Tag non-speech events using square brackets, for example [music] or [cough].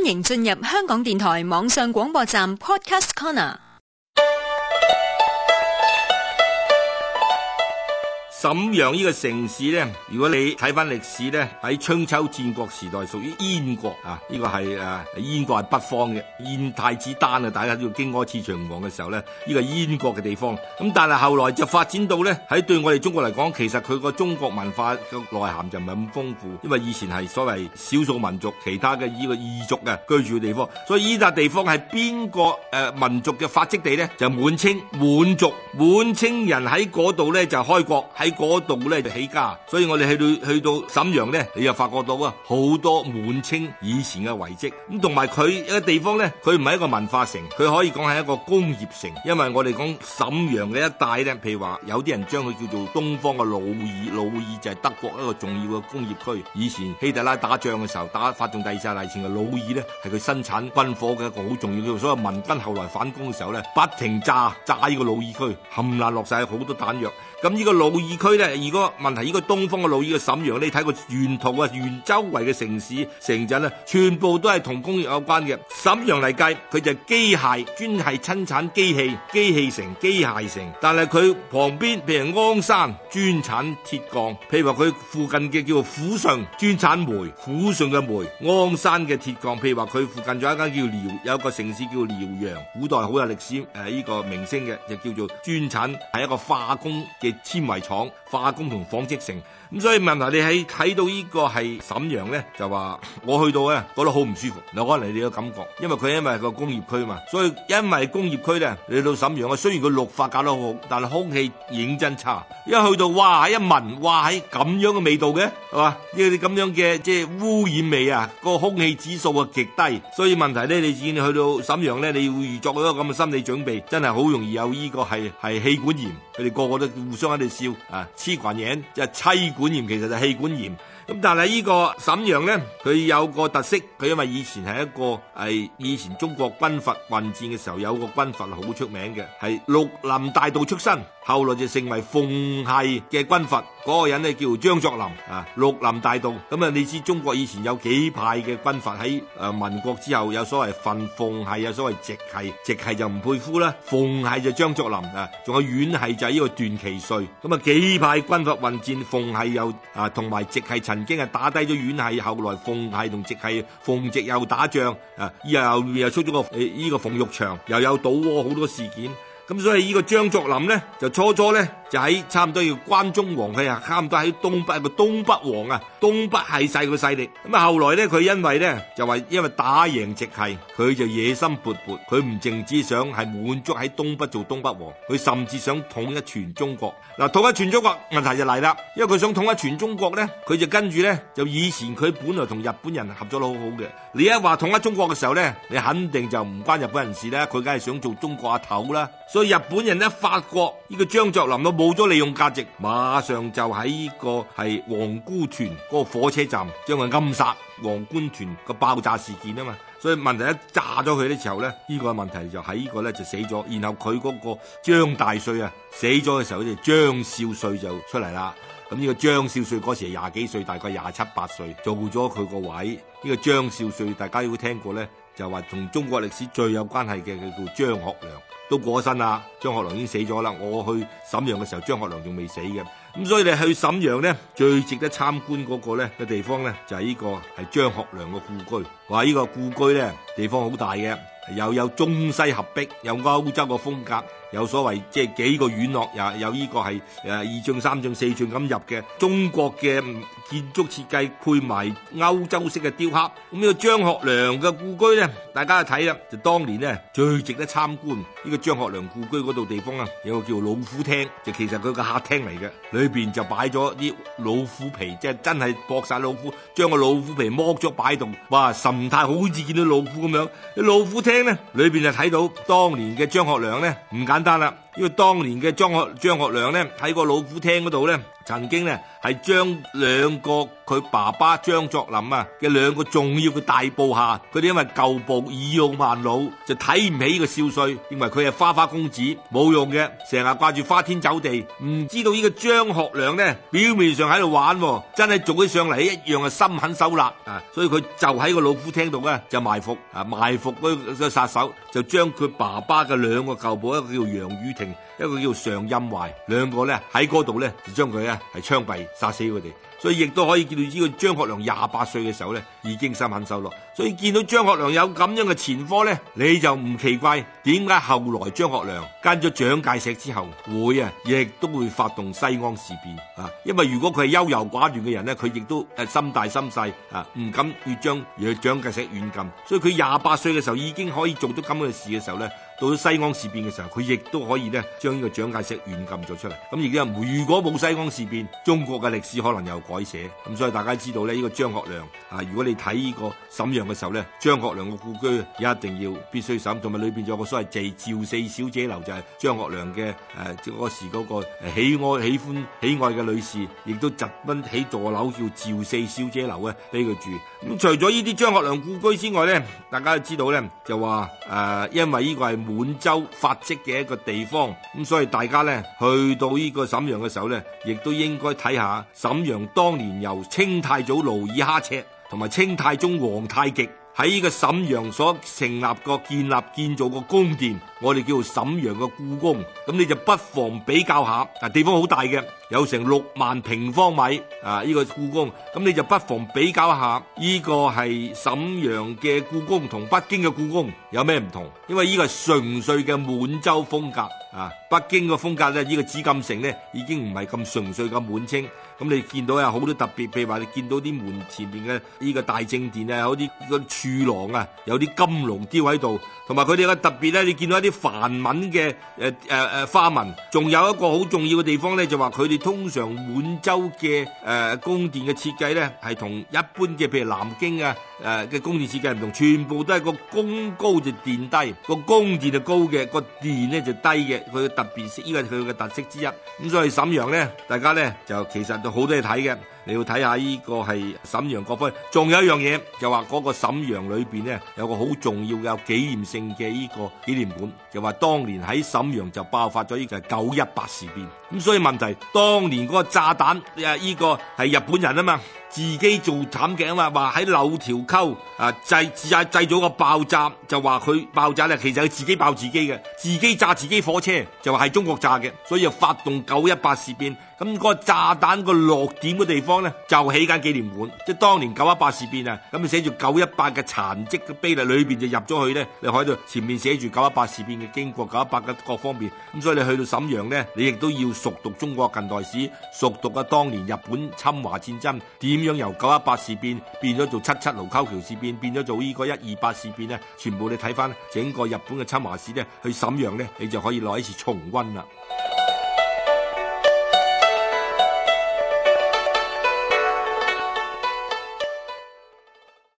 歡迎進入香港電台網上廣播站 Podcast Corner。瀋陽呢個城市咧，如果你睇翻歷史咧，喺春秋戰國時代屬於燕國啊，呢、這個係誒、啊、燕國係北方嘅燕太子丹啊，大家都知道荊軻刺秦王嘅時候咧，呢、這個燕國嘅地方。咁但係後來就發展到咧，喺對我哋中國嚟講，其實佢個中國文化嘅內涵就唔係咁豐富，因為以前係所謂少數民族其他嘅呢個異族嘅居住嘅地方。所以呢笪地方係邊個誒民族嘅發跡地咧？就滿、是、清滿族滿清人喺嗰度咧就開國。喺。度咧就起家，所以我哋去到去到沈陽咧，你又發覺到啊，好多滿清以前嘅遺迹。咁同埋佢一個地方咧，佢唔係一個文化城，佢可以講係一個工業城。因為我哋講沈陽嘅一帶咧，譬如話有啲人將佢叫做東方嘅魯爾，魯爾就係德國一個重要嘅工業區。以前希特拉打仗嘅時候，打發動第二次大戰前嘅魯爾咧，係佢生產軍火嘅一個好重要嘅，所以民軍後來反攻嘅時候咧，不停炸炸呢個魯爾區，冚爛落晒好多彈藥。咁呢個魯爾區咧，如果問題呢個東方嘅魯爾，嘅沈陽，你睇個沿途啊，沿周圍嘅城市成陣啊，全部都係同工業有關嘅。沈陽嚟計，佢就係機械專係親產機器、機器城、機械城，但係佢旁邊譬如鞍山專產鐵鋼，譬如話佢附近嘅叫做撫順專產煤，撫順嘅煤，鞍山嘅鐵鋼，譬如話佢附近仲有一間叫遼，有一個城市叫遼陽，古代好有歷史誒呢、呃這個名聲嘅，就叫做專產係一個化工纖維廠、化工同紡織城。咁所以問題，你喺睇到個呢個係瀋陽咧，就話我去到咧，覺得好唔舒服。嗱，可能你嘅感覺，因為佢因為個工業區啊嘛，所以因為工業區咧，你到瀋陽啊，雖然佢綠化搞得好，但係空氣認真差。一去到，哇！一聞，哇！係咁樣嘅味道嘅，係嘛？呢啲咁樣嘅即係污染味啊，個空氣指數啊極低。所以問題咧，你見去到瀋陽咧，你要預作一個咁嘅心理準備，真係好容易有呢個係係氣管炎。佢哋個個都互相喺度笑啊，黐羣嘢，就係悽。管炎其實就係氣管炎。咁但係呢個瀋陽咧，佢有個特色，佢因為以前係一個係以前中國軍閥混戰嘅時候，有個軍閥好出名嘅，係綠林大盜出身，後來就成為奉系嘅軍閥。嗰個人咧叫張作霖啊，綠林大盜。咁啊，你知中國以前有幾派嘅軍閥喺，誒民國之後有所謂分奉系，有所謂直系，直系就吳佩孚啦，奉系就張作霖啊，仲有皖系就係呢個段祺瑞。咁啊，幾派軍閥混戰，奉系又啊同埋直系陳。啊曾 [noise] 經係打低咗皖係，後來奉係同直係奉直又打仗，啊，又又出咗個誒呢、呃這個馮玉祥，又有賭窩好多事件，咁所以呢個張作霖咧就初初咧。就喺差唔多要關中王佢啊，差唔多喺東北個東北王啊，東北係勢個勢力。咁啊，後來咧佢因為咧就話因為打贏直系，佢就野心勃勃，佢唔淨只想係滿足喺東北做東北王，佢甚至想統一全中國。嗱，統一全中國問題就嚟啦，因為佢想統一全中國咧，佢就跟住咧就以前佢本來同日本人合作得好好嘅，你一話統一中國嘅時候咧，你肯定就唔關日本人事啦，佢梗係想做中國阿頭啦。所以日本人咧發覺呢個張作霖都冇咗利用價值，馬上就喺呢個係皇姑屯嗰個火車站將佢暗殺，皇姑屯個爆炸事件啊嘛，所以問題一炸咗佢嘅時候咧，呢、這個問題就喺呢個咧就死咗，然後佢嗰個張大帥啊死咗嘅時候，就、這個、張少帥就出嚟啦，咁、這、呢個張少帥嗰時係廿幾歲，大概廿七八歲做咗佢個位，呢、這個張少帥大家會聽過咧，就話、是、同中國歷史最有關係嘅，佢叫張學良。都過身啦，張學良已經死咗啦。我去瀋陽嘅時候，張學良仲未死嘅。咁所以你去瀋陽咧，最值得參觀個咧嘅地方咧，就係、是、呢個係張學良嘅故居。話，呢個故居咧，地方好大嘅，又有中西合璧，又有歐洲嘅風格，有所謂即係幾個院落，又有呢個係誒二進三進四進，咁入嘅中國嘅建築設計，配埋歐洲式嘅雕刻。咁呢個張學良嘅故居咧，大家一睇啦，就當年咧最值得參觀呢、這個。張學良故居嗰度地方啊，有個叫老虎廳，就其實佢個客廳嚟嘅，裏邊就擺咗啲老虎皮，即係真係剝晒老虎，將個老虎皮剝咗擺度，哇，神態好似見到老虎咁樣。老虎廳咧，裏邊就睇到當年嘅張學良咧，唔簡單啦。因為當年嘅張學張學良咧喺個老虎廳度咧，曾經咧係將兩個佢爸爸張作霖啊嘅兩個重要嘅大部下，佢哋因為舊部以用賣老，就睇唔起個少帥，認為佢係花花公子，冇用嘅，成日掛住花天酒地，唔知道呢個張學良咧表面上喺度玩，啊，真係做起上嚟一樣係心狠手辣啊！所以佢就喺個老虎廳度咧就埋伏啊埋伏個殺手，就將佢爸爸嘅兩個舊部一個叫楊宇。一個叫常蔭槐，兩個咧喺嗰度咧就將佢啊係槍斃殺死佢哋，所以亦都可以見到呢個張學良廿八歲嘅時候咧已經心狠手辣，所以見到張學良有咁樣嘅前科咧，你就唔奇怪點解後來張學良跟咗蔣介石之後會啊亦都會發動西安事變啊，因為如果佢係優柔寡斷嘅人咧，佢亦都誒心大心細啊，唔敢要將蔣介石軟禁，所以佢廿八歲嘅時候已經可以做到咁樣嘅事嘅時候咧。到咗西安事變嘅時候，佢亦都可以咧將呢個蔣介石軟禁咗出嚟。咁而家如果冇西安事變，中國嘅歷史可能又改寫。咁所以大家知道咧，呢個張學良啊，如果你睇呢個沈陽嘅時候咧，張學良嘅故居一定要必須沈，同埋裏邊仲有個所謂趙趙四小姐樓，就係張學良嘅誒嗰時嗰個喜愛喜歡喜愛嘅女士，亦都集奔起座樓叫趙四小姐樓嘅俾佢住。咁除咗呢啲張學良故居之外咧，大家都知道咧就話誒、啊，因為呢個係。滿洲發跡嘅一個地方，咁所以大家咧去到呢個沈陽嘅時候咧，亦都應該睇下沈陽當年由清太祖努爾哈赤同埋清太宗皇太極。喺呢個瀋陽所成立個建立建造個宮殿，我哋叫做瀋陽嘅故宮。咁你就不妨比較下，啊，地方好大嘅，有成六萬平方米啊！呢個故宮，咁你就不妨比較下呢個係瀋陽嘅故宮同北京嘅故宮有咩唔同？因為呢個係純粹嘅滿洲風格。啊！北京個風格咧，呢個紫禁城咧已經唔係咁純粹咁滿清。咁你見到有好多特別，譬如話你見到啲門前面嘅呢個大正殿啊，有啲個柱廊啊，有啲金龍雕喺度，同埋佢哋嘅特別咧，你見到一啲繁文嘅誒誒誒花紋。仲有一個好重要嘅地方咧，就話佢哋通常滿洲嘅誒宮殿嘅設計咧，係同一般嘅譬如南京啊誒嘅宮殿設計唔同，全部都係個宮高就殿低，個宮殿就高嘅，個殿咧就低嘅。佢特別色呢個係佢嘅特色之一，咁所以瀋陽咧，大家咧就其實都好多嘢睇嘅，你要睇下呢個係瀋陽國徽，仲有一樣嘢就話嗰個瀋陽裏邊咧有個好重要嘅有紀念性嘅呢個紀念館，就話當年喺瀋陽就爆發咗呢個九一八事變，咁所以問題當年嗰個炸彈誒依、呢個係日本人啊嘛。自己做慘鏡啊，話喺柳條溝啊製製啊製咗個爆炸，就話佢爆炸咧，其實係自己爆自己嘅，自己炸自己火車，就話係中國炸嘅，所以就發動九一八事變。咁嗰個炸彈個落點嘅地方咧，就起緊紀念館，即係當年九一八事變啊！咁你寫住九一八嘅殘迹嘅碑嚟，裏邊就入咗去咧。你喺度前面寫住九一八事變嘅經過，九一八嘅各方面。咁所以你去到沈陽咧，你亦都要熟讀中國近代史，熟讀嘅當年日本侵華戰爭點樣由九一八事變變咗做七七盧溝橋事變，變咗做呢個一二八事變咧，全部你睇翻整個日本嘅侵華史咧，去沈陽咧，你就可以攞一次重温啦。